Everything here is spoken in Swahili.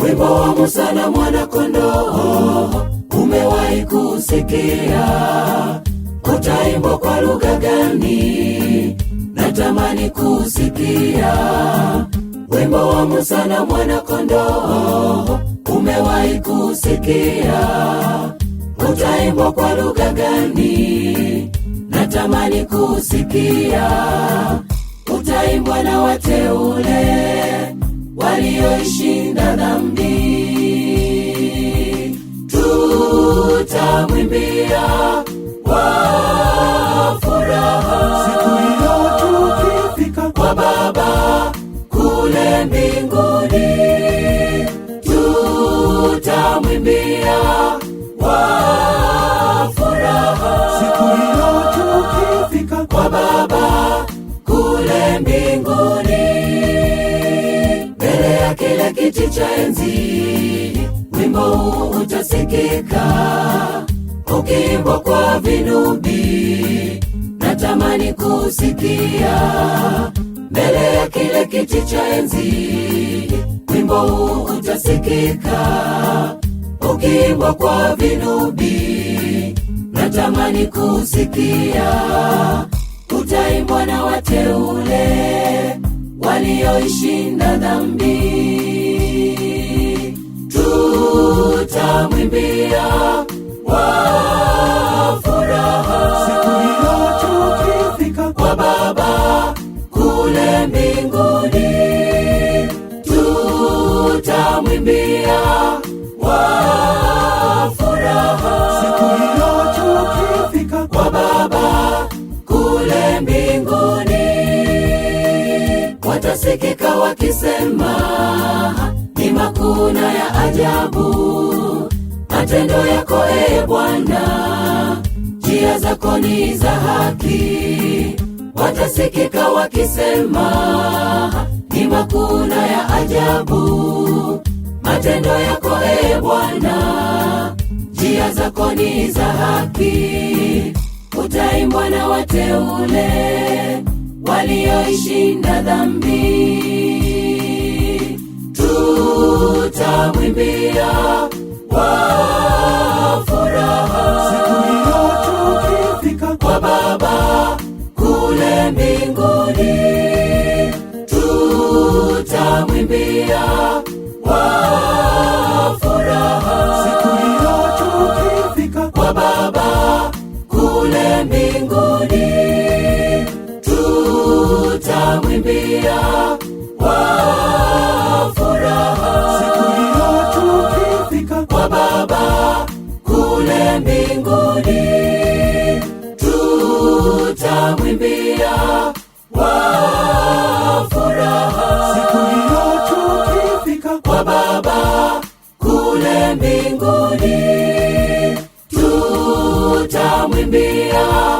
Wimbo wa Musa na kondoo umewahi kusikia? Utaimbwa kwa lugha gani? Natamani kusikia. Wimbo wa Musa na kondoo umewahi kusikia? Utaimbwa kwa lugha gani? Natamani kusikia. Utaimbwa na wateule walioishi mbinguni, tutamwimbia kwa furaha siku hiyo tukifika kwa Baba kule mbinguni, mbele ya kila kiti cha enzi. Wimbo utasikika ukiimbwa kwa vinubi, na tamani kusikia mbele ya kile kiti cha enzi. Wimbo huu utasikika ukiimbwa kwa vinubi, natamani kusikia utaimbwa na wateule walioishinda dhambi. mwimbia wa furaha siku hiyo tukifika kwa baba kule mbinguni watasikika wakisema ni makuna ya ajabu matendo yako ee bwana njia zako ni za haki watasikika wakisema ni makuna ya ajabu matendo yako e Bwana, njia zako ni za haki, utaimbwa na wateule walioishinda dhambi. Tutamwimbia nitawaimbia kwa furaha siku hiyo tukifika kwa Baba kule mbinguni, tutamwimbia kwa furaha siku hiyo tukifika kwa Baba kule mbinguni, tutamwimbia